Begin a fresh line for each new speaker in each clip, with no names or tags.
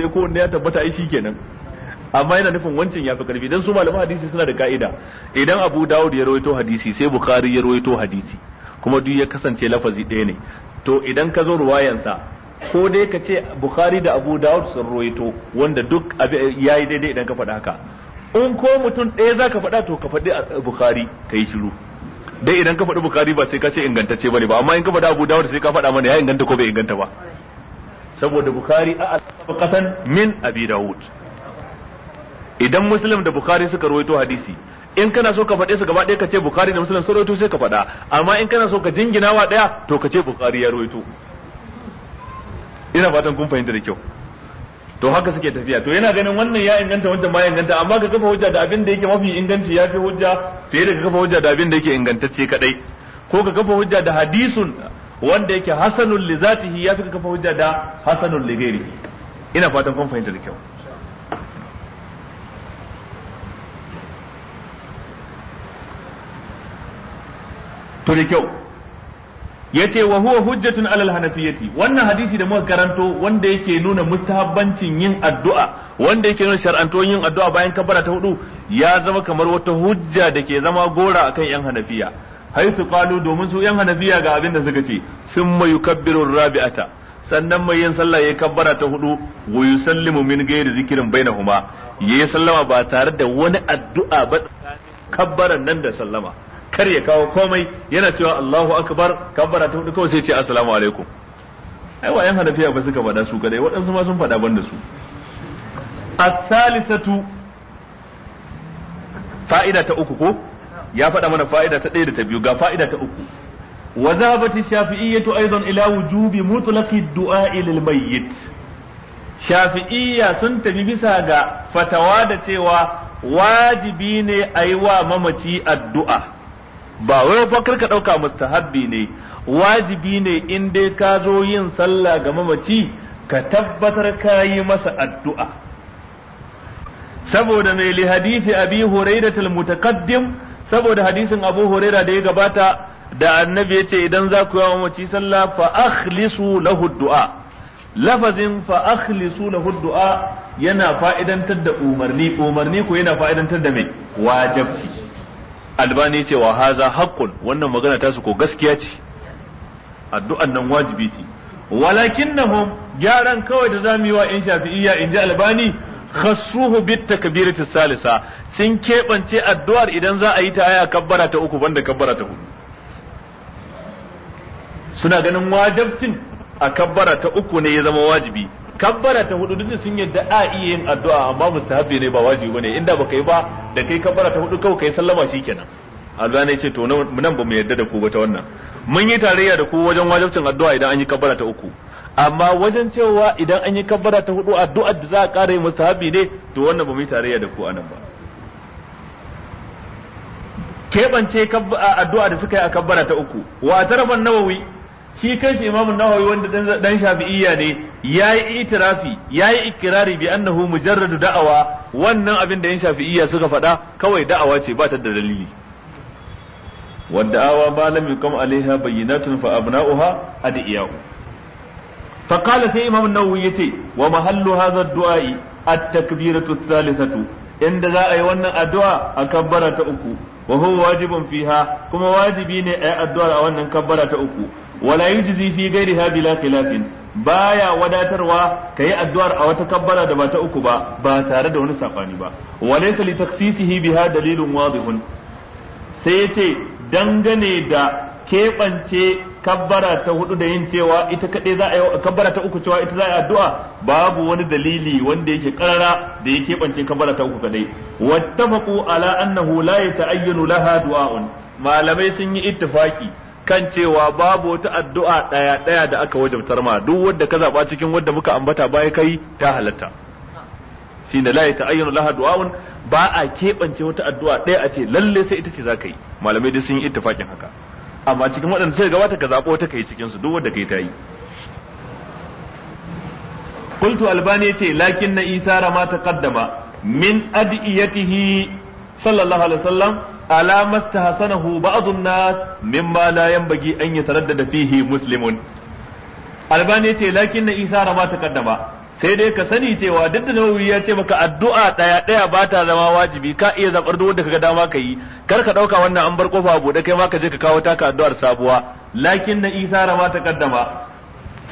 sai ko wanda ya tabbata ai shikenan amma yana nufin wancan ya fi karfi dan su malaman hadisi suna da ka'ida idan Abu Dawud ya rawaito hadisi sai Bukhari ya rawaito hadisi kuma duk ya kasance lafazi ɗaya ne to idan ka zo sa ko dai ka ce Bukhari da Abu Dawud sun rawaito wanda duk yayi daidai idan ka faɗa haka in ko mutum ɗaya zaka faɗa to ka faɗi ah, Bukhari ka yi shiru dai idan ka faɗi Bukhari ba sai ka ce ingantacce bane ba amma in ka faɗi Abu Dawud sai ka faɗa mana ya inganta ko bai inganta ba saboda bukhari a sabqatan min abi daud idan muslim da bukhari suka rawaito hadisi in kana so ka faɗe su gaba ɗaya ka ce bukhari da muslim sun rawaito sai ka faɗa amma in kana so ka jingina wa ɗaya to ka ce bukhari ya rawaito ina fatan kun fahimta da kyau to haka suke tafiya to yana ganin wannan ya inganta wancan ba ya inganta amma ka kafa hujja da abin da yake mafi inganci ya fi hujja fiye da ka kafa hujja da abin da yake ingantacce kadai ko ka kafa hujja da hadisun wanda yake hasanul li zatihi ya fi kafa hujja da hasanul li ghairihi ina fatan kun fahimta da kyau to da kyau yace wa huwa hujjatun alal hanafiyyati wannan hadisi da muka karanto wanda yake nuna mustahabbancin yin addu'a wanda yake nuna shar'anto yin addu'a bayan kabbara ta hudu ya zama kamar wata hujja da ke zama gora akan yan hanafiya haitu qalu domin su yan hanafiya ga abin da suka ce sun thumma yukabbiru rabi'ata sannan mai yin sallah ya kabbara ta hudu wa yusallimu min ghairi zikrin bainahuma yayi sallama ba tare da wani addu'a ba kabbaran nan da sallama kar ya kawo komai yana cewa Allahu akbar kabbara ta hudu kawai sai ce assalamu alaikum ai wa yan hanafiya ba suka faɗa su kadai waɗansu ma sun faɗa banda su as-salisatu fa'ida ta uku ko ya faɗa mana fa'ida ta ɗaya da ta biyu ga fa'ida ta uku wa zahabati shafi'iyyatu aidan ila wujubi mutlaqi du'a lil mayyit shafi'iyya sun tafi bisa ga fatawa da cewa wajibi ne a yi wa mamaci addu'a ba wai fa ka ɗauka mustahabbi ne wajibi ne in dai ka zo yin sallah ga mamaci ka tabbatar ka yi masa addu'a saboda mai li hadisi abi hurairatul mutaqaddim saboda hadisin Abu Huraira da ya gabata da annabi yace idan za ku yi wa mace sallah fa akhlisu lahu du'a lafazin fa akhlisu lahu du'a yana fa'idantar da umarni umarni ko yana fa'idantar da mai wajibi albani ce wa haza haqqun wannan magana ta su ko gaskiya ce addu'an nan wajibi ce walakinnahum gyaran kawai da zamu yi wa in shafi'iyya in ji albani khassuhu bit takbiratis salisa sun keɓance addu'ar idan za a yi ta aya kabbara ta uku banda kabbara ta hudu suna ganin wajibcin a kabbara ta uku ne ya zama wajibi kabbara ta hudu duk sun yadda a iya yin addu'a amma mustahabi ne ba wajibi bane inda baka yi ba da kai kabbara ta hudu kawai kai sallama shikenan Allah ne ce to nan ba mu yadda da ku ba ta wannan mun yi tarayya da ku wajen wajibcin addu'a idan an yi kabbara ta uku amma wajen cewa idan an yi kabbara ta hudu addu'ar da za a kare yi ne to wannan ba mu yi tarayya da ku anan ba keɓance addu'a da suka yi a kabbara ta uku wa tarafan nawawi shi kanshi imamu nawawi wanda dan shafi'iyya ne yayi itirafi yayi ikirari bi annahu mujarradu da'awa wannan abin da yan shafi'iyya suka faɗa kawai da'awa ce ba ta da dalili wanda awa ba lam yuqam alaiha bayyinatun fa abna'uha adiyahu Fakada sai imam na wuyan ya ce wa muhallu haza duwa ita Kabiratu Salisu 8 inda za a yi wannan addu'a a kambara ta uku. Wohin wajibin fiha kuma wajibi ne a yi addu'ar a wannan kabbara ta uku. Wala yanzu zai fi gari haɗi lafiylafin ba ya wadatarwa ka yi addu'ar a wata kabbara da ba ta uku ba. Ba tare da wani safani ba. wala sali taksi shi biya dalilin wabin. Sai ta dangane da keɓance. kabbara ta hudu da yin cewa ita kadai za a yi kabbara ta uku cewa ita za a yi addu'a babu wani dalili wanda yake karara da ya keɓance kabbara ta uku kadai wattafaqu ala annahu la yata'ayyanu laha du'a'un malamai sun yi ittifaki kan cewa babu wata addu'a daya daya da aka wajabtar ma duk wanda ka zaba cikin wanda muka ambata baya kai ta halatta shine la yata'ayyanu laha du'a'un ba a keɓance wata addu'a daya a ce lalle sai ita ce za yi malamai dai sun yi ittifakin haka amma cikin waɗanda suka gabata ka zaɓo ta kai cikinsu duk wanda kai ta yi Kultu albani ce lakin na isara ma kaddama min adiyatihi sallallahu alaihi wasallam ala mastahsanahu ba'd an-nas mimma la yanbaghi an yataraddada fihi muslimun albani ce lakin na isara ma kaddama. sai dai ka sani cewa duk da nawawi ya ce maka addu'a daya daya ba ta zama wajibi ka iya zabar duk wanda kaga dama ka yi kar ka dauka wannan an bar kofa bude kai ma ka je ka kawo taka addu'ar sabuwa lakin na isa rama ta kaddama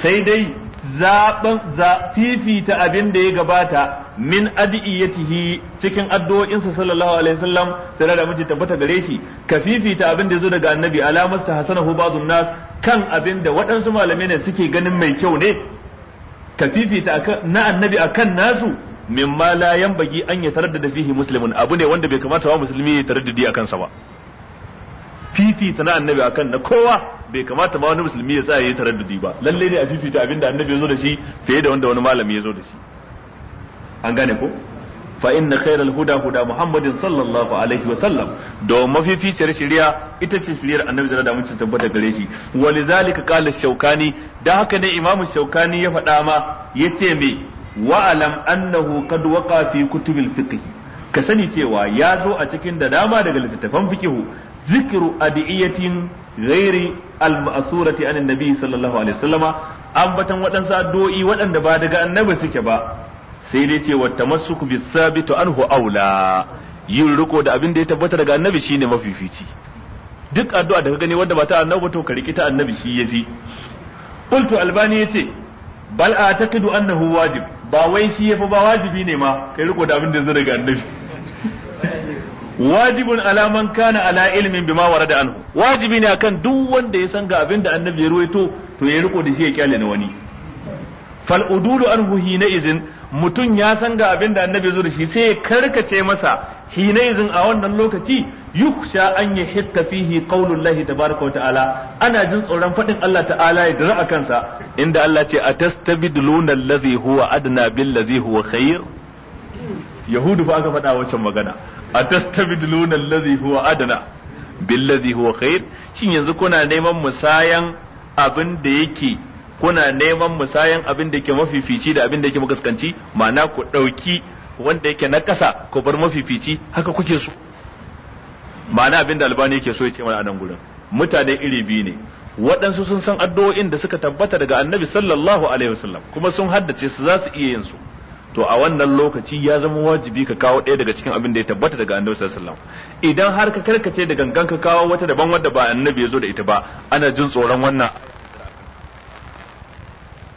sai dai zaben za fifita abin da ya gabata min adiyatihi cikin addu'o'insa sallallahu alaihi wasallam tare da miji tabbata gare shi ka fifita abin da zo daga annabi alamasta hasanahu ba'dun nas kan abin da waɗansu malamai ne suke ganin mai kyau ne ka fifita na annabi akan nasu mimma la yanbaghi an taraddada fihi muslimun abu ne wanda bai kamata wa musulmi ya taraddadi akan sa ba fifita na annabi akan na kowa bai kamata ba wani musulmi ya tsaya ya taraddadi ba lalle ne a fifita abinda annabi ya zo da shi fiye da wanda wani malami ya zo da shi an gane ko fa inna huda huda muhammadin sallallahu alaihi wa sallam don mafificiyar shari'a ita ce shari'ar annabi da da mutum tabbata gare shi walizalika kala shaukani da haka ne imam shaukani ya faɗa ma yace me wa alam annahu qad waqa fi ka sani cewa ya zo a cikin da dama daga littattafan fiqh zikru adiyatin ghairi al-ma'surati an annabi sallallahu alaihi wasallama ambatan waɗansu addu'o'i waɗanda ba daga annabi suke ba sai dai ce wata masuku bi sabitu ho aula yin riko da abin da ya tabbata daga annabi shi ne mafifici duk addu'a da ka gani wanda ba ta annabi to ka riki ta annabi shi ya fi. qultu albani ya ce bal kidu annahu wajib ba wai shi ya fi ba wajibi ne ma kai riko da abin da zai daga annabi wajibun alaman kana ala ilmin bima da anhu wajibi ne akan duk wanda ya san ga abin da annabi ya ruwaito to ya riko da shi ya kyale na wani fal udulu anhu hina izin mutum ya san ga abin da annabi zo shi sai ya karkace masa hinaizin a wannan lokaci yukhsha an hitta fihi lahi tabaraka wa ta'ala ana jin tsoron fadin Allah ta'ala ya dira kansa inda Allah ce atastabidluna allazi huwa adna billazi huwa khair yahudu fa aka faɗa wancan magana atastabidluna allazi huwa adna billazi huwa khair shin yanzu kuna neman musayan abin da yake kuna neman musayan abin da yake mafifici da abin da yake makaskanci ma'ana ku ɗauki wanda yake na ƙasa ku bar mafifici haka kuke so ma'ana abin da albani yake so ya ce mana a nan gurin mutane iri biyu ne waɗansu sun san addu'o'in da suka tabbata daga annabi sallallahu alaihi wasallam kuma sun haddace su za su iya yin su to a wannan lokaci ya zama wajibi ka kawo ɗaya daga cikin abin da ya tabbata daga annabi sallallahu alaihi wasallam idan har ka karkace da gangan ka kawo wata daban wadda ba annabi ya zo da ita ba ana jin tsoron wannan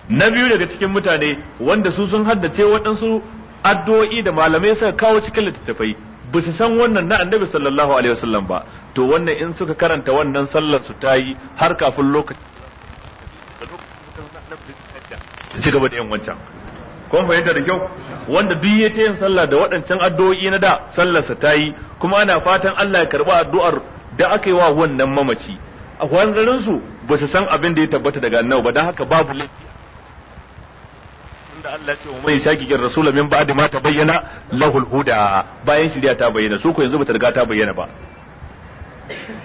na biyu daga cikin mutane wanda su sun haddace waɗansu addu'o'i da malamai suka kawo cikin littattafai ba su san wannan na annabi sallallahu alaihi wasallam ba to wannan in suka karanta wannan sallar su ta yi har kafin lokaci ci gaba da yin wancan kun fahimta da kyau wanda duk ya ta yin sallah da waɗancan addu'o'i na da sallarsa ta yi kuma ana fatan Allah ya karba addu'ar da aka yi wa wannan mamaci a wanzarin su ba su san abin da ya tabbata daga annabi ba dan haka babu laifi da Allah ce wa mai shakikin rasula min ba'di ma bayyana lahul huda bayan shirya ta bayyana su ko yanzu bata riga ta bayyana ba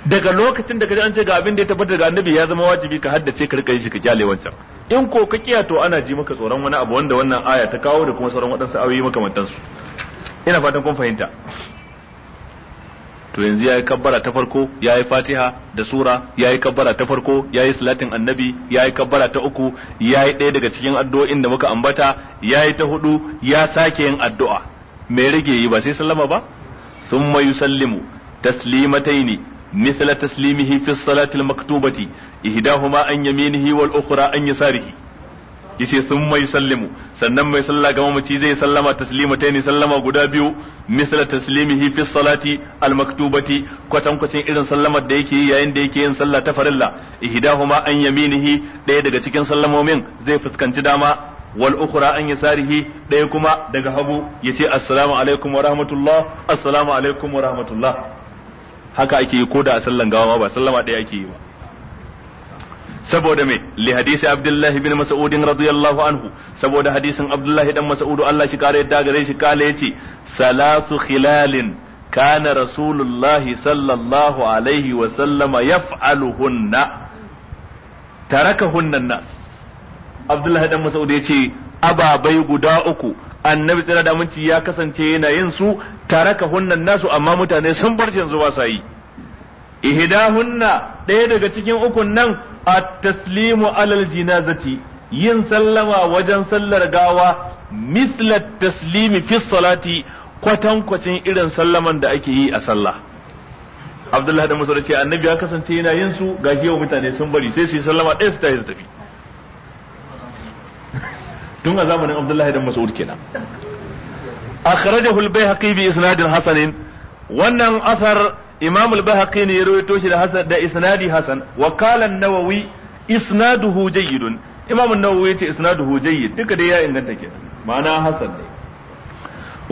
daga lokacin da kaje an ce ga abin da ya tabbata ga annabi ya zama wajibi ka haddace ka rika yin shi ka jale wancan in ko ka kiya to ana ji maka tsoron wani abu wanda wannan aya ta kawo da kuma sauran waɗansu ayoyi makamantansu ina fatan kun fahimta to yanzu yayi kabbara ta farko yayi fatiha da sura yayi kabbara ta farko yayi salatin annabi yayi kabbara ta uku yayi ɗaya daga cikin addu'o'in da muka ambata yayi ta hudu ya sake yin addu'a me rage yi ba sai sallama ba thumma yusallimu taslimataini مثل تسليمه في maktubati ihdahuma an عن يمينه والأخرى عن يساره yace sun mai sallimu sannan mai sallah ga mamaci zai sallama taslima ta ne sallama guda biyu misla taslimihi fi salati almaktubati kwatan kwacin irin sallamar da yake yi yayin da yake yin sallah ta farilla ihdahuma an yaminihi daya daga cikin sallamomin zai fuskanci dama wal ukhra an yasarihi daya kuma daga hagu yace assalamu alaikum wa rahmatullah assalamu alaikum wa rahmatullah haka ake yi koda a sallan gawa ba sallama daya ake yi ba saboda me li hadisi abdullahi bin mas'ud radiyallahu anhu saboda hadisin abdullahi dan mas'ud Allah shi kare yadda gare shi kale yace salasu khilalin kana rasulullahi sallallahu alaihi wa sallama yaf'aluhunna tarakahunna nas abdullahi dan mas'ud yace ababai guda uku annabi tsira da aminci ya kasance yana yin su tarakahunna nasu amma mutane sun bar shi yanzu ba sa yi ihdahunna Daya daga cikin ukun nan at-taslimu alal jinazati yin sallama wajen sallar gawa misla taslimi fi salati kwacin irin sallaman da ake yi a sallah Abdullahi da Musa ce annabi ya kasance yana yin su gashi yau mutane sun bari sai su yi sallama ɗaya su tafi su tafi tun a zamanin Abdullahi da Mas'ud kenan akhrajahu al-Baihaqi bi isnadin hasanin wannan asar إمام البهقي يروي توشد حسن ده إسنادي حسن وقال النووي إسناده جيد إمام النووي إسناده جيد دك ديا إن دك معناه حسن دي.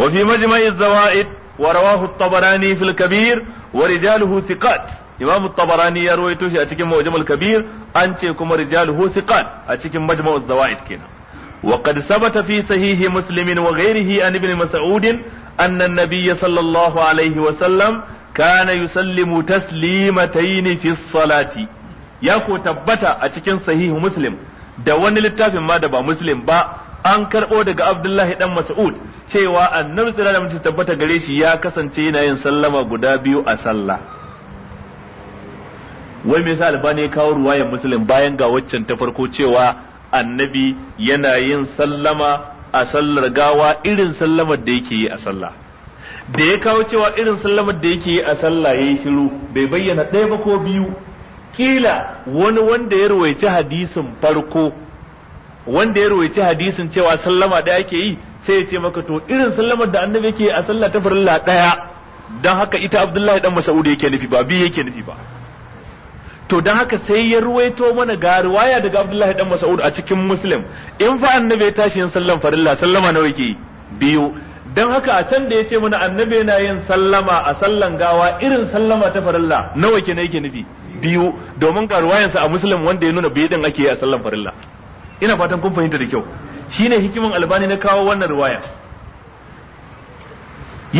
وفي مجمع الزوائد ورواه الطبراني في الكبير ورجاله ثقات إمام الطبراني يروي توشد أتكي موجم الكبير أنتكم رجاله ثقات أتكي مجمع الزوائد كينا وقد ثبت في صحيح مسلم وغيره عن ابن مسعود أن النبي صلى الله عليه وسلم kana yusallimu taslimatayn fi salati ya ko tabbata a cikin sahihu muslim da wani littafin ma da ba muslim ba an karɓo daga abdullahi dan mas'ud cewa annabi sallallahu alaihi tabbata gare shi ya kasance yana yin sallama guda biyu a sallah wai me yasa albani ya kawo ruwaya muslim bayan ga waccan ta farko cewa annabi yana yin sallama a sallar gawa irin sallamar da yake yi a sallah da ya kawo cewa irin sallamar da yake yi a sallah ya yi shiru bai bayyana ɗaya ba ko biyu kila wani wanda ya rawaici hadisin farko wanda ya rawaici hadisin cewa sallama ɗaya ke yi sai ya ce maka to irin sallamar da annabi yake a sallah ta farilla ɗaya dan haka ita Abdullahi dan Mas'ud yake nufi ba bi yake nufi ba to dan haka sai ya ruwaito mana ga riwaya daga Abdullahi dan Mas'ud a cikin Muslim in fa annabi ya tashi yin sallan farilla sallama nawa yake yi biyu dan haka a can da ya ce mana annabi yana yin sallama a sallan gawa irin sallama ta farilla nawa kenan yake nufi biyu domin ga ruwayansa a musulun wanda ya nuna biyu din ake yi a sallan farilla ina fatan kun fahimta da kyau shine hikiman albani na kawo wannan ruwaya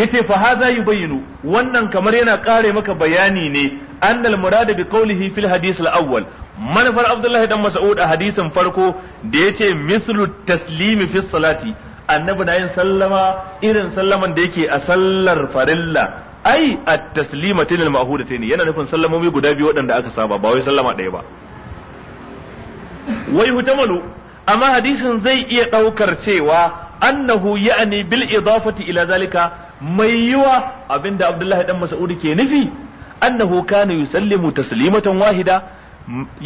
yace fa hadha yubayinu wannan kamar yana kare maka bayani ne annal murada bi qawlihi fil hadith al awwal manfar abdullahi dan mas'ud a hadisin farko da yace mislu taslimi fi salati annabi na yin sallama irin sallaman da yake a sallar farilla ai at-taslimatin al-ma'hudatayn yana nufin sallamomi guda biyu waɗanda aka saba ba wai sallama ɗaya ba wai hutamalu amma hadisin zai iya ɗaukar cewa annahu ya'ni bil idafati ila zalika mai yiwa abinda abdullahi dan mas'ud ke nufi annahu kana yusallimu taslimatan wahida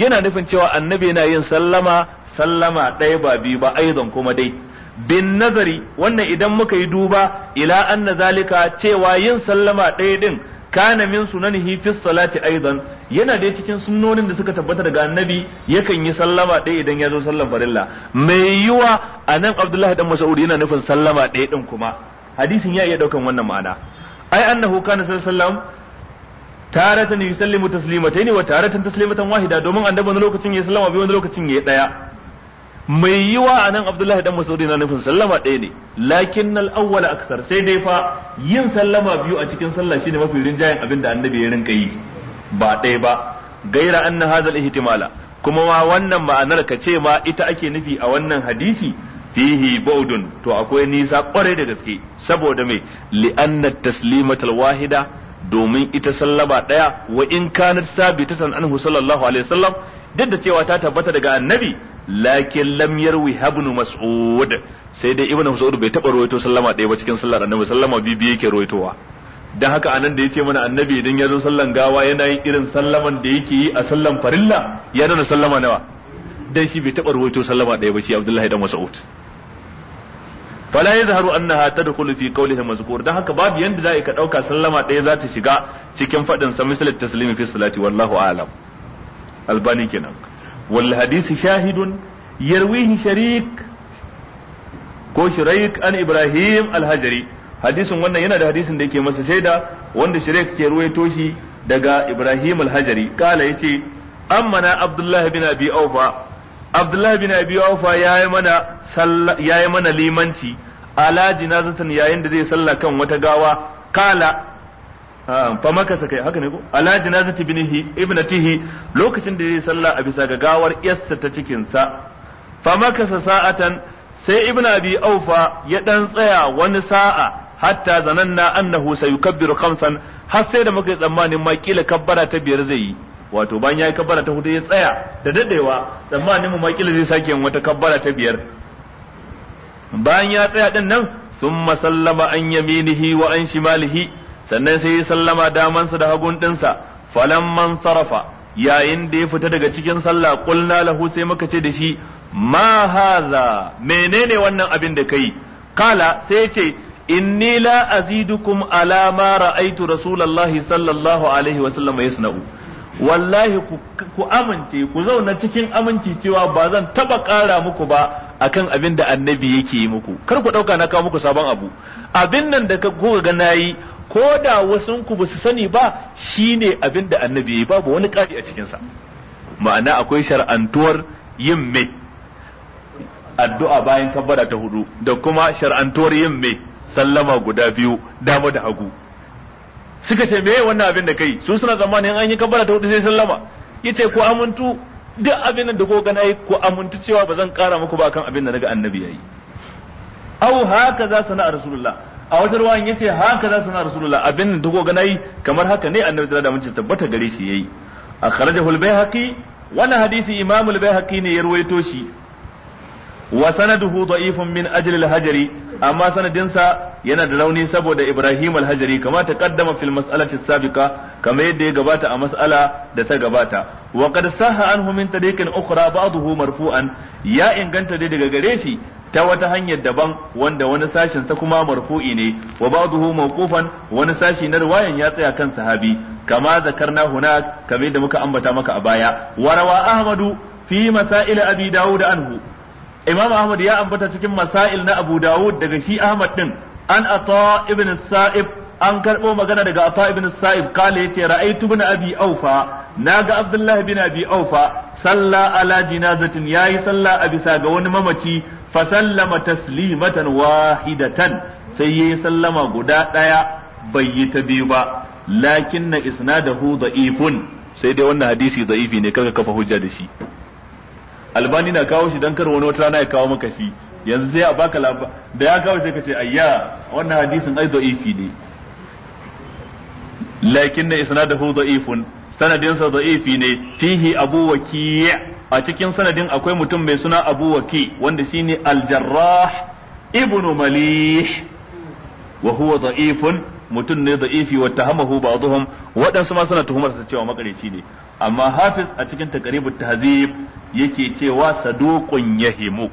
yana nufin cewa annabi yana yin sallama sallama ɗaya ba biyu ba aidan kuma dai bin nazari wannan idan muka yi duba ila anna zalika cewa yin sallama ɗaya din kana min sunanihi fi salati aidan yana da cikin sunnonin da suka tabbata daga annabi yakan yi sallama ɗaya idan ya zo sallan farilla mai yiwa anan abdullahi dan mas'ud yana nufin sallama ɗaya din kuma hadisin ya iya daukan wannan ma'ana ai annahu kana sallallahu taratan yusallimu taslimataini wa taratan taslimatan wahida domin annabi wani lokacin ya sallama bi wani lokacin ya daya mai yiwa nan Abdullahi dan Mas'ud na nufin sallama ɗaya ne lakin lakinnal a aksar sai dai fa yin sallama biyu a cikin sallah shine mafi rinjayen abin da annabi ya rinka yi ba ɗaya ba gaira an anna hazal ihtimala kuma ma wannan ma'anar ka ce ma ita ake nufi a wannan hadisi fihi baudun to akwai nisa kwarai da gaske saboda mai li'anar taslimatal wahida domin ita sallama ɗaya wa in kanat sabitatan anhu sallallahu alaihi wasallam duk da cewa ta tabbata daga annabi lakin lam yarwi ibn mas'ud sai dai ibn mas'ud bai taba ruwaito sallama ɗaya ba cikin sallar annabi sallama bibi yake ruwaitowa dan haka anan da yace mana annabi idan ya zo sallan gawa yana yin irin sallaman da yake yi a sallan farilla ya nuna sallama nawa dan shi bai taba ruwaito sallama ɗaya ba shi abdullahi dan mas'ud fala yazharu annaha tadkhulu fi qawlihi mazkur dan haka babu yanda za'i ka dauka sallama daya za ta shiga cikin fadin sa misal taslimi fi salati wallahu a'lam albani kenan wal hadisi shahidun yarwihi sharik ko shiraik an ibrahim al-hajari hadisin wannan yana da hadisin da ke masa shaida wanda shiraik ke ruwaito shi daga ibrahim al-hajari kala yace amma na abdullahi bin abi aufa abdullahi bin abi aufa yayi mana limanci. mana limanci ala jinazatin yayin da zai salla kan wata gawa kala fa maka sakai haka ne ko ala janazati binihi ibnatihi lokacin da yayi sallah a bisa ga gawar iyassa ta cikin sa fa maka sa'atan sai ibnu abi aufa ya dan tsaya wani sa'a hatta zananna annahu sayukabbiru khamsan har sai da muka tsammanin ma kila kabbara ta biyar zai yi wato bayan yayi kabbara ta hudu ya tsaya da dadewa tsammanin mu ma kila zai sake wata kabbara ta biyar bayan ya tsaya din nan summa sallama an yaminihi wa an shimalihi sannan sai ya sallama damansa da hagun dinsa falamman sarafa yayin da ya fita daga cikin sallah Kulna lahu sai muka ce da shi ma hadha menene wannan abin da kai kala sai ya ce inni la azidukum ala ma ra'aytu rasulullahi sallallahu alaihi wa sallam yasna'u wallahi ku amince ku zauna cikin aminci cewa ba zan taba kara muku ba akan abin da annabi yake yi muku kar ku ɗauka na kawo muku sabon abu abin nan da kuka ga nayi ko da wasun ku ba su sani ba shine abin da annabi yayi babu wani ƙari a cikin sa ma'ana akwai shar'antuwar yin me addu'a bayan kabbara ta hudu da kuma shar'antuwar yin me sallama guda biyu dama da hagu suka ce me wannan abin da kai su suna zamanin an yi kabbara ta hudu sai sallama yace ko amintu duk abin da ko gana yi ko amintu cewa ba zan kara muku ba kan abin da naga annabi yayi au haka za sana rasulullah a wata ruwan yace haka za su na rasulullah abin da ko ganayi kamar haka ne annabi da mun tabbata gare shi yayi akhrajahu al-baihaqi wannan hadisi imam al-baihaqi ne ya ruwaito shi wa sanaduhu da'ifun min ajli al-hajri amma sanadinsa yana da rauni saboda Ibrahim al-Hajari kama ta kaddama fil mas'alati sabiqa kama yadda ya gabata a mas'ala da ta gabata wa qad sahha anhu min tariqin ukhra ba'dahu marfu'an ya inganta dai daga gare shi ta wata hanyar daban wanda wani sashin sa kuma marfu'i ne wa ba'dahu mawqufan wani sashi na riwayan ya tsaya kan sahabi kama zakarna hunak kamar da muka ambata maka a baya warawa ahmadu fi masail abi dawud anhu imam ahmad ya ambata cikin masail na abu dawud daga shi ahmad din an ata ibn sa'ib an karbo magana daga ata ibn sa'ib kale yace ra'aytu ibn abi aufa naga abdullah ibn abi aufa salla ala jinazatin yayi salla a bisa ga wani mamaci fa sallama taslimatan wahidatan sai yayi sallama guda daya bai yi ta biyu ba lakinna isnadahu da'ifun sai dai wannan hadisi da'ifi ne kaga kafa hujja da shi albani na kawo shi dan kar wani wata rana ya kawo maka shi yanzu sai a baka labar da ya kawo shi ka ce ayya wannan hadisin ai da'ifi ne lakinna isnadahu da'ifun sanadinsa da'ifi ne fihi abu waki' a cikin sanadin akwai mutum mai suna Abu Waki wanda shine Al-Jarrah ibn Malih wa huwa da'ifun mutum ne da'ifi wa tahamahu ba'dhum waɗansu ma suna tuhumar sa cewa makareci ne amma Hafiz a cikin taqribut tahzib yake cewa saduqun yahimu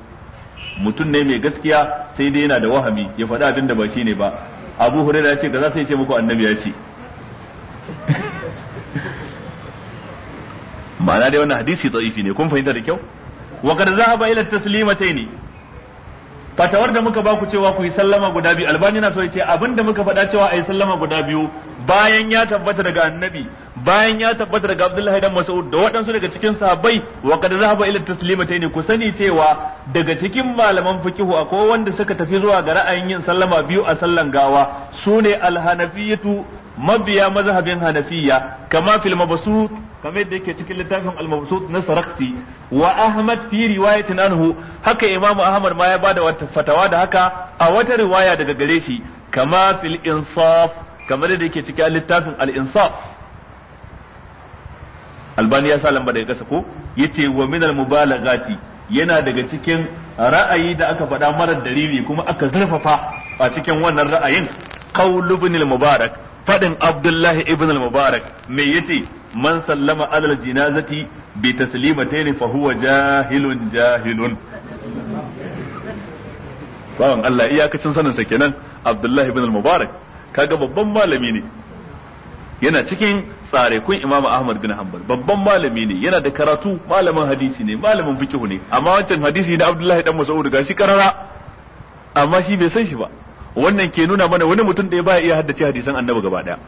mutum ne mai gaskiya sai dai yana da wahami ya faɗa abin da ba shine ba Abu Hurairah ya ce kaza sai ya ce muku annabi ya ce ma'ana dai wannan hadisi da'ifi ne kun fahimta da kyau wa kad zahaba ila taslimataini fatawar da muka baku cewa ku yi sallama guda biyu albani na so ya ce abinda muka faɗa cewa a yi sallama guda biyu bayan ya tabbata daga annabi bayan ya tabbata daga abdullahi dan mas'ud da waɗansu daga cikin sahabbai wa kad zahaba ila taslimataini ku sani cewa daga cikin malaman fikihu akwai wanda suka tafi zuwa ga ra'ayin yin sallama biyu a sallan gawa sune al-hanafiyatu mabiya mazhabin hanafiya kama fil mabsut kamar yadda yake cikin littafin al-mabsut na saraksi wa ahmad fi riwayatin anhu haka Imam ahmad ma ya bada wata fatawa da haka a wata riwaya daga gare shi kama fil insaf kamar yadda yake cikin littafin al-insaf albani ya sa lamba daga kasa ko yace wa min al-mubalagati yana daga cikin ra'ayi da aka faɗa marar dalili kuma aka zarfafa a cikin wannan ra'ayin qaul ibn al-mubarak fadin abdullahi ibn al-mubarak me yace man sallama alal jinazati bi taslimatayn fa huwa jahilun jahilun bawan Allah iyakacin sanin sa kenan Abdullahi ibn al-Mubarak kaga babban malami ne yana cikin tsarekun Imam Ahmad bin Hanbal babban malami ne yana da karatu malamin hadisi ne malamin fiqh ne amma wancan hadisi da Abdullahi dan Mas'ud gashi karara amma shi bai san shi ba wannan ke nuna mana wani mutum da ya baya iya haddace hadisan annabi gaba daya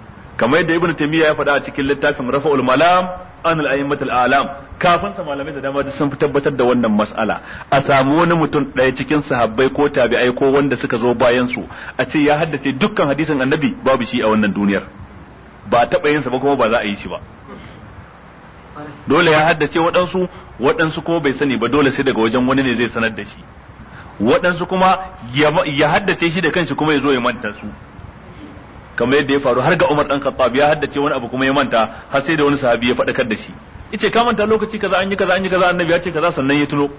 kamar yadda ibnu taymiya ya faɗa a cikin littafin rafa'ul malam an al-a'immatul alam kafin sa malamai da dama sun fi tabbatar da wannan mas'ala a samu wani mutum ɗaya cikin sahabbai ko tabi'ai ko wanda suka zo bayan su a ce ya haddace dukkan hadisin annabi babu shi a wannan duniyar ba taɓa yin sa ba kuma ba za a yi shi ba dole ya haddace waɗansu waɗansu kuma bai sani ba dole sai daga wajen wani ne zai sanar da shi waɗansu kuma ya haddace shi da kanshi kuma ya zo ya manta su kamar yadda ya faru har ga Umar dan Khattab ya haddace wani abu kuma ya manta har sai da wani sahabi ya faɗakar da shi yace ka manta lokaci kaza an yi kaza an yi kaza annabi ya ce kaza sannan ya tuno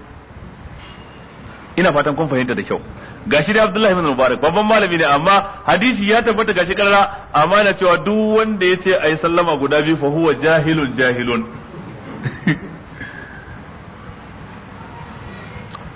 ina fatan kun fahimta da kyau gashi da Abdullahi bin Mubarak babban malami ne amma hadisi ya tabbata gashi karara amma na cewa duk wanda yace ayi sallama guda biyu fa huwa jahilun jahilun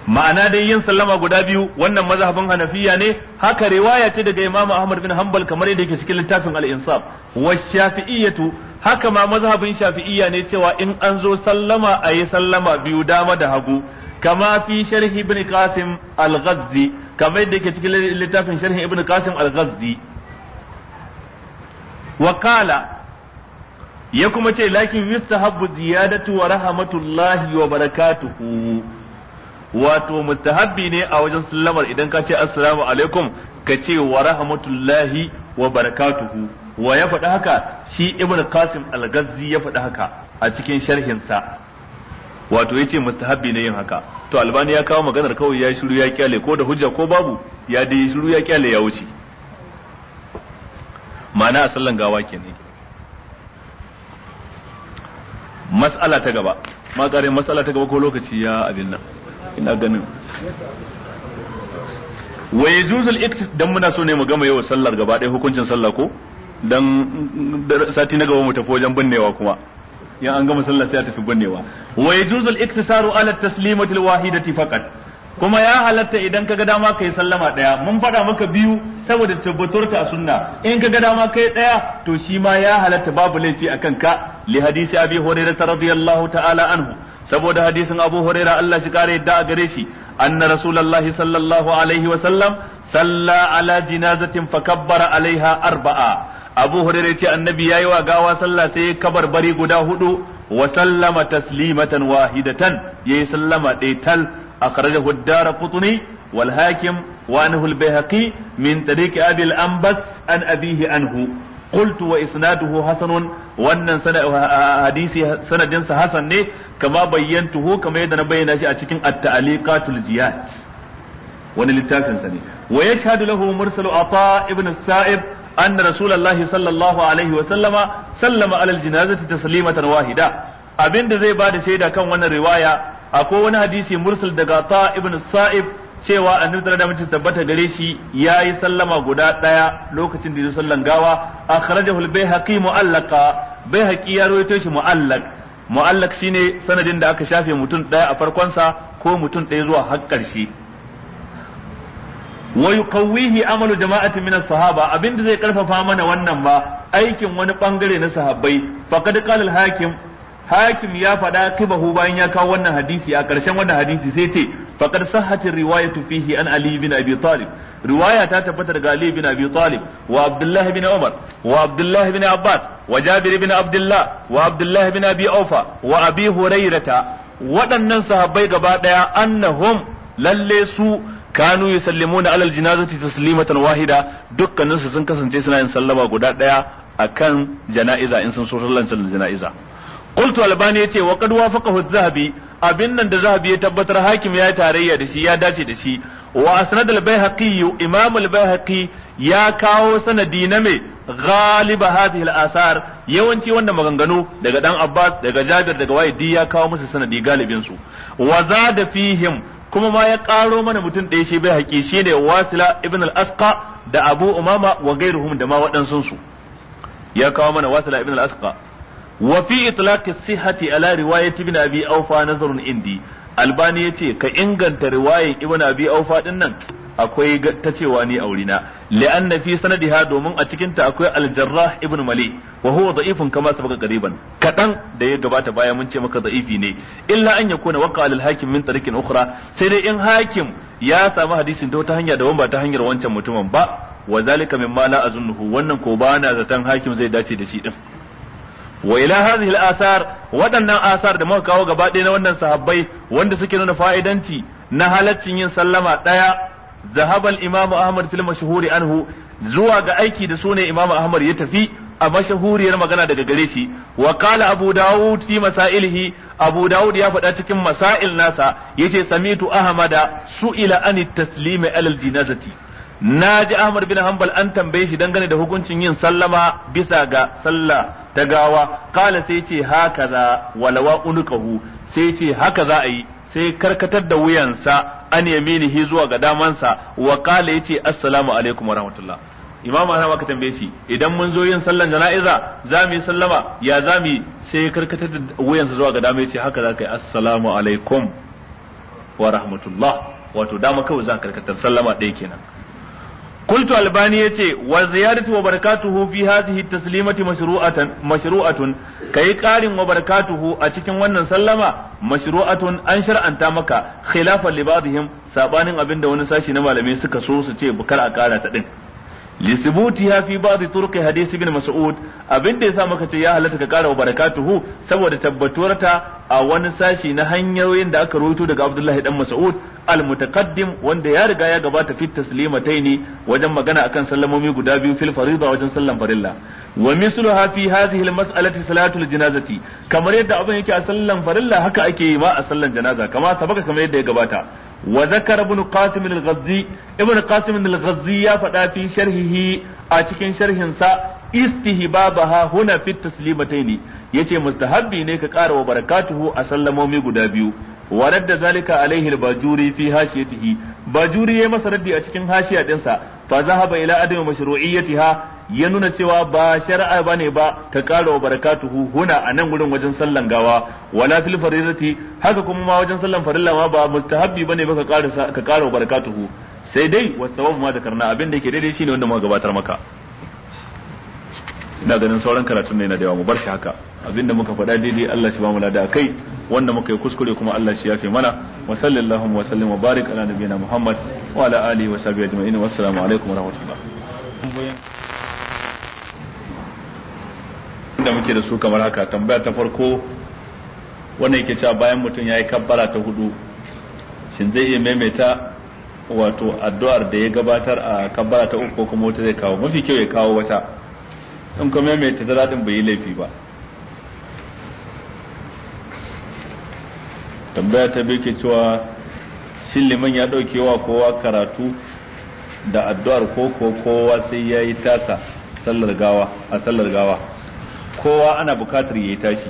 ma'ana dai yin sallama guda biyu wannan mazhabin hanafiya ne haka riwaya ce daga imamu ahmad bin hanbal kamar yadda yake cikin littafin al-insaf wa shafi'iyyatu haka ma mazhabin shafi'iyya ne cewa in an zo sallama a yi sallama biyu dama da hagu kama fi sharhi ibn qasim al-ghazzi kamar yadda yake cikin littafin sharhi ibn qasim al-ghazzi wa qala ya kuma ce lakin yustahabbu ziyadatu wa rahmatullahi wa barakatuhu wato mustahabbi ne a wajen sallamar idan ka ce assalamu alaikum ka ce wa rahmatullahi wa barakatuhu wa ya faɗi haka shi ibn qasim al-ghazzi ya faɗi haka a cikin sharhin sa wato yace mustahabbi ne yin haka to albani ya kawo maganar kawai ya shiru ya kyale ko da hujja ko babu ya dai shiru ya kyale ya wuce ma'ana a sallan gawa kenan mas'ala ta gaba ma ƙarin mas'ala ta gaba ko lokaci ya abin nan ina ganin wa yajuzul dan muna so ne mu gama yau sallar gaba ɗaya hukuncin sallah ko dan sati na gaba mu tafi wajen binnewa kuma yan an gama sallah sai a tafi binnewa wa yajuzul iktisaru ala taslimati wahidati faqat kuma ya halatta idan kaga dama kai sallama daya mun faɗa maka biyu saboda tabbatar ta sunna in kaga dama kai ɗaya to shi ma ya halatta babu laifi akan ka li hadisi abi hurairah radiyallahu ta'ala anhu saboda hadisin Abu Huraira Allah shi kare yadda a gare shi anna rasulullahi sallallahu alaihi wa sallam salla ala jinazatin fakabbara alaiha arba'a Abu Huraira ce annabi yayi wa gawa sallah sai kabarbari guda hudu wa sallama taslimatan wahidatan yayi sallama ɗaya tal akhrajahu ad-Darqutni wal Hakim wa anhu al-Baihaqi min tariqi Abi al-Anbas an abihi anhu قلت وإسناده حسن wannan hadisi sanadinsa hasan ne kama bayyantuhu kama da na bayyana shi a cikin at-ta'liqatul wani littafin ne wa yashhadu lahu mursalu ata ibn sa'ib anna rasulullahi sallallahu alaihi wa sallama sallama ala al-janazati taslimatan wahida abinda zai bada shaida kan wannan riwaya akwai wani hadisi mursal daga ata ibn sa'ib cewa annabi sallallahu alaihi tabbata gare shi yayi sallama guda daya lokacin da ya sallan gawa akhrajahu al bayhaqi mu'allaqa bayhaqi ya rawaito shi mu'allaq mu'allaq shine sanadin da aka shafe mutum daya a farkon sa ko mutum daya zuwa har karshe wa yuqawwihi amalu jama'atin min as-sahaba abinda zai karfafa mana wannan ba aikin wani bangare na sahabbai faqad qala al-hakim hakim ya faɗa kibahu bayan ya kawo wannan hadisi a ƙarshen wannan hadisi sai ce faqad sahatin riwayatu fihi an ali bin riwaya ta tabbata daga ali bin abi talib wa abdullah bin umar wa abdullah bin abbas wa jabir bin abdullah wa abdullah bin abi aufa wa abi hurairata waɗannan sahabbai gaba daya annahum lalle su kanu yusallimuna alal janazati taslimatan wahida dukkaninsu sun kasance suna yin sallama guda ɗaya a kan jana'iza in sun so sallan jana'iza qultu albani yace wa qad wafaqahu az-zahabi abin nan da zahabi ya tabbatar hakim ya tarayya da shi ya dace da shi wa asnad al-baihaqi imam al ya kawo sanadi na me ghaliba hadhihi al-asar yawanci wannan maganganu daga dan Abbas daga Jabir daga Wa'idi ya kawo musu sanadi galibin su wa zada fihim kuma ma ya karo mana mutum ɗaya shi bai shine wasila ibn al-asqa da abu umama wa gairuhum da ma waɗansu su ya kawo mana wasila ibn al-asqa wa fi itlaqi sihhati ala riwayati ibn abi aufa nazarun indi albani yace ka inganta riwayar ibn abi aufa din akwai ta cewa ni aurina li'anna fi sanadiha domin a cikin ta akwai Aljarra jarrah ibn mali wa huwa da'ifun kama sabaka qariban kadan da ya gabata baya mun ce maka za'ifi ne illa an yakuna waqa al-hakim min tariqin ukhra sai dai in hakim ya sami hadisin ta wata hanya daban ba ta hanyar wancan mutumin ba wa zalika mimma la azunnuhu wannan ko ba na zaton hakim zai dace da shi din wa ila hadhihi al-asar waɗannan asar da muka kawo gaba ɗaya na wannan sahabbai wanda suke nuna fa'idanci na halaccin yin sallama ɗaya zahabal Imam imamu ahmad fil mashhuri anhu zuwa ga aiki da sunan imamu ahmad ya tafi a mashahuriyar magana daga gare shi wa qala abu daud fi masailihi abu daud ya faɗa cikin masail nasa yace samitu ahmada su'ila an at-taslim ala al-janazati naji ahmad bin hanbal an tambaye shi dangane da hukuncin yin sallama bisa ga sallah ta gawa kala sai ce haka za walawa unukahu sai ce haka za a yi sai karkatar da wuyansa an yaminihi zuwa ga damansa wa kala yace assalamu alaikum warahmatullah imamu ana maka tambaye shi idan mun zo yin sallan jana'iza za mu yi sallama ya za mu sai karkatar da wuyansa zuwa ga dama yace haka za ka yi assalamu alaikum wa rahmatullah wato dama kawai za karkatar sallama ɗaya kenan kulti albania ce wani ziyarari ta wabarkatu hu fiye taslimati sihita ta silimaki mashiru'a tun kayi karin wabarkatu a cikin wannan sallama mashiru'a an shar'anta maka khilafa libatuhim sabanin abin da wani sashe na malamai suka so su ce ba kar a karata din. lisibut ya fi ba da turkiyya haddai sifina abinda ya sa maka ce ya halarci ka kara wabarkatu hu saboda tabbatarwa a wani sashe na hanyoyin da aka rubuta daga abdullahi dan mas'ud al-mutaqaddim wanda ya riga ya gabata fi ne wajen magana akan sallamomi guda biyu fil fariida wajen sallan farilla wa misluha fi hadhihi al-mas'alati salatul janazati kamar yadda abin yake a sallan farilla haka ake yi ma a sallan janaza kama sabaka kamar yadda ya gabata wa zakara ibn kasim al-ghazzi ibn qasim ya faɗa fi a cikin sharhin sa istihbabaha huna fi taslimataini yace mustahabbi ne ka kara wa barakatuhu a sallamomi guda biyu wa radda zalika alaihi al-bajuri fi hashiyatihi bajuri yayi masa raddi a cikin hashiya dinsa fa zahaba ila adami mashru'iyyatiha ya nuna cewa ba shar'a bane ba ta ƙara wa barakatuhu huna a nan gurin wajen sallan gawa wala fil faridati haka kuma ma wajen sallan farilla ma ba mustahabbi bane ba ka ƙara ka ƙara wa barakatuhu sai dai wasawabu ma zakarna abin da yake daidai shine wanda muka gabatar maka ina ganin sauran karatun ne na da yawa mu bar shi haka abinda muka faɗa daidai Allah shi ba mu lada kai wanda muka yi kuskure kuma Allah shi yafe mana wa sallallahu wa sallim wa barik ala nabiyina Muhammad wa ala alihi wa sahbihi ajma'in wa assalamu alaikum wa rahmatullah da muke da su kamar haka tambaya ta farko wannan yake cewa bayan mutum yayi kabbara ta hudu shin zai iya maimaita wato addu'ar da ya gabatar a kabbara ta uku ko kuma wata zai kawo mafi kyau ya kawo wata in kuma maimaita da daɗin bai yi laifi ba tambaya ta bai cewa shin liman ya ɗauke wa kowa karatu da addu'ar ko kowa sai ya yi tasa a sallar gawa kowa ana bukatar ya yi tashi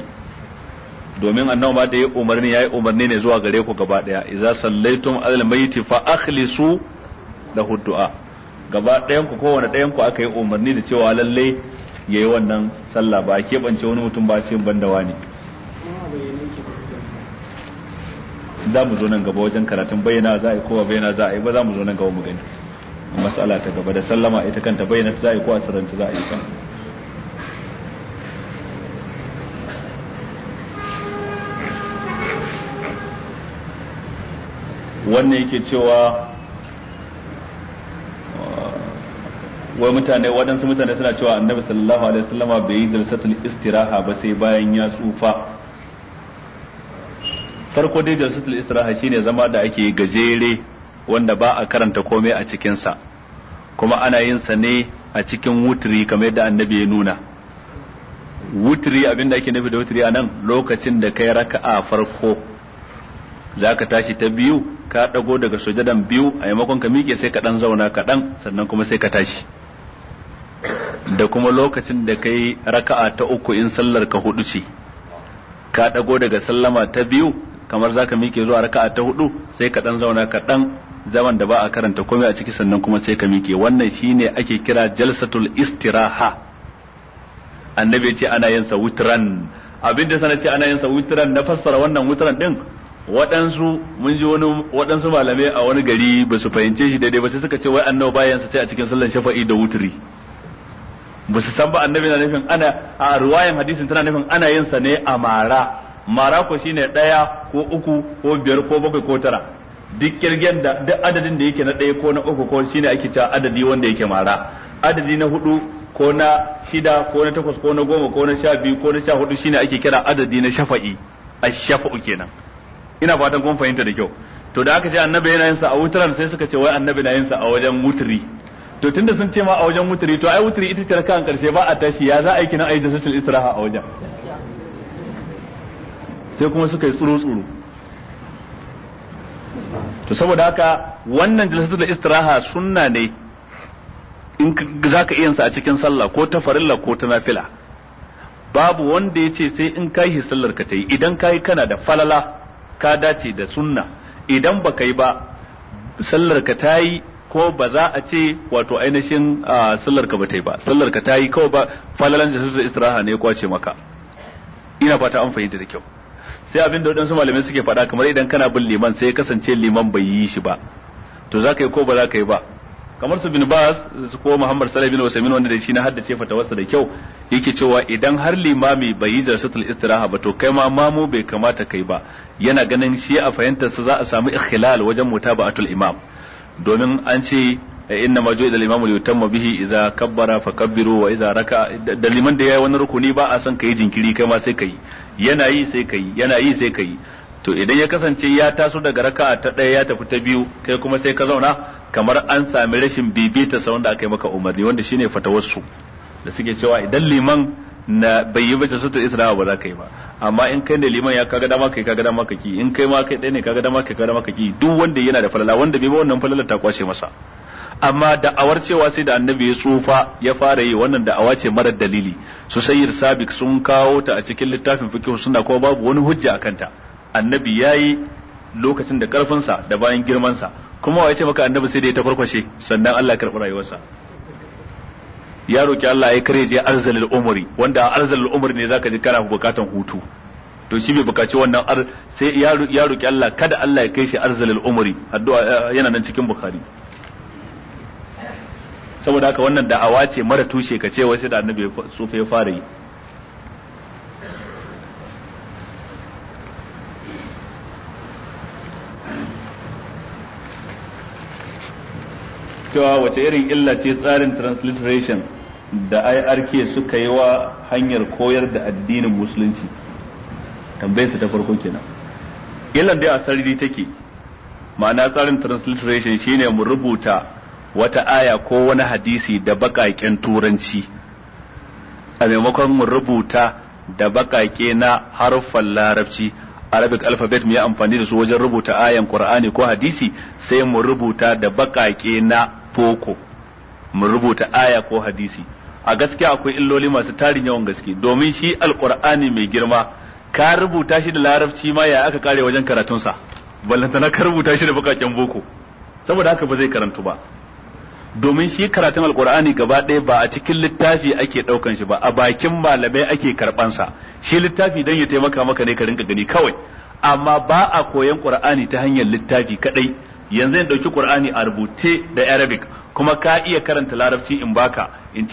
domin annabi ma da ya umarni ya yi umarni ne zuwa gare ku gaba daya idza sallaitum alal mayyiti fa akhlisu da du'a gaba ɗayan ku kowane ɗayan ku aka yi umarni da cewa lalle yayi wannan sallah ba a keɓance wani mutum ba a ce ban da wani za mu zo nan gaba wajen karatun bayyana za a yi kowa bayyana za a yi ba za mu zo nan gaba mu gani mas'ala ta gaba da sallama ita kanta bayyana za a yi kowa a za a yi kan wannan yake cewa wai mutane waɗansu mutane suna cewa annabi sallallahu alaihi wasallama bai yi jalsatul istiraha ba sai bayan ya tsufa farko dai jalsatul istiraha shine zama da ake gajere wanda ba a karanta komai a cikinsa kuma ana yin sa ne a cikin wutri kamar yadda annabi ya nuna wutri abinda ake nufi da wutri anan lokacin da kai raka'a farko zaka tashi ta biyu ka dago daga sujadan biyu a maimakon ka miƙe sai ka dan zauna kaɗan sannan kuma sai ka tashi da kuma lokacin da kai raka'a ta uku in sallar ka hudu ce ka dago daga sallama ta biyu kamar zaka miƙe zuwa raka'a ta hudu sai ka dan zauna ka dan zaman da ba a karanta komai a ciki sannan kuma sai ka miƙe wannan shine ake kira jalsatul istiraha annabi ce ana yin sa wutran abinda sana ce ana yin sa wutran na fassara wannan wutran din waɗansu mun ji wani waɗansu malamai a wani gari ba su fahimce shi daidai ba sai suka ce wai annabi bayan sa ce a cikin sallan shafa'i da wutri ba su san ba annabi na nufin ana a ruwayan hadisin tana nufin ana yin sa ne a mara Marako shine ɗaya ko uku ko biyar ko bakwai ko tara duk kirgen da duk adadin da yake na ɗaya ko na uku ko shine ake cewa adadi wanda yake mara adadi na hudu ko na shida ko na takwas ko na goma ko na sha biyu ko na sha hudu shine ake kira adadi na shafa'i a shafa'u kenan ina fatan kun fahimta da kyau to da aka ce annabi yana yin sa a wutaran sai suka ce wai annabi na yin sa a wajen wutri to tunda sun ce ma a wajen wutri to ai wutri ita ce kan karshe ba a tashi ya za a yi kinan ayyukan da sutul istiraha a wajen sai kuma suka yi tsuru-tsuru to saboda haka wannan da istiraha sunna ne in za ka iya a cikin sallah ko ta farilla ko ta nafila babu wanda ya ce sai in kai sallar ka ta yi idan ka yi kana da falala ka dace da sunna idan ba ka yi ba sallar ka ta yi ko ba za a ce wato ainihin sallar ka ba ta yi ba sallar ka ta yi kawai ba falalan da istiraha ne ya kwace maka ina fata an fahimta da kyau sai abin da waɗansu malamai suke faɗa kamar idan kana bin liman sai ya kasance liman bai yi shi ba to za ka yi ko ba za ka yi ba kamar su bin bas su ko muhammad sallallahu alaihi wasallam wanda da shi na haddace fatawarsa da kyau yake cewa idan har limami bai yi zarsatul istiraha ba to kai ma mamu bai kamata kai ba yana ganin shi a fahimtar sa za a samu ikhlal wajen mutaba'atul imam domin an ce inna ma ju'ida limamu li yutamma bihi idza kabbara fakabbiru wa idza raka'a da liman da yayi wani rukuni ba a san kai jinkiri kai ma sai kai yana yi sai kai yana yi sai kai to idan ya kasance ya taso daga raka'a ta ɗaya ya tafi ta biyu kai kuma sai ka zauna kamar an sami rashin bibita sa wanda aka yi maka umarni wanda shine fatawarsu da suke cewa idan liman na bai yi bace sutur isra'a ba za ka yi ba amma in kai ne liman ya kaga dama kai kaga dama kaki in kai ma kai ɗaya ne kaga dama kai kaga dama kaki duk wanda yana da falala wanda bai ba wannan falala ta kwashe masa amma da'awar cewa sai da annabi ya tsufa ya fara yi wannan da'awa ce marar dalili su sayyid sabik sun kawo ta a cikin littafin fiqh sunna kuma babu wani hujja akan ta annabi yayi lokacin da karfinsa da bayan girmansa kuma wa ya ce maka annabi sai da ya tafarkwashe sannan Allah ya karɓi rayuwarsa ya roki Allah ya kare je arzalil umri wanda arzalil umri ne zaka ji kana bukatan hutu to shi bai bukaci wannan sai ya roki Allah kada Allah ya kai shi arzalil umri addu'a yana nan cikin bukhari saboda haka wannan da awa ce mara tushe ka ce wasu da annabi su ya fara yi cewa wace irin illa ce tsarin transliteration da IRK suka yi wa hanyar koyar da addinin musulunci su ta farko kenan illan dai a sarari take ma'ana tsarin transliteration shine mu rubuta wata aya ko wani hadisi da baƙaƙen turanci a maimakon mu rubuta da baƙaƙe na haruffan larabci arabic alphabet mu yi amfani da su wajen rubuta ayan qur'ani ko hadisi sai mu rubuta da baƙaƙe na boko mu rubuta aya ko hadisi a gaskiya akwai illoli masu tarin yawan gaske domin shi alqur'ani mai girma ka rubuta shi da larabci ma ya aka kare wajen karatunsa ballantana ka rubuta shi da bakaken boko saboda haka ba zai karantu ba domin shi karatun alkur'ani gaba ɗaya ba a cikin littafi ake ɗaukan shi ba a bakin malamai ake karɓansa shi littafi dan ya taimaka maka ne ka rinka gani kawai amma ba a koyan qur'ani ta hanyar littafi kaɗai yanzu in ɗauki qur'ani a rubuce da arabic kuma ka iya karanta larabci in baka in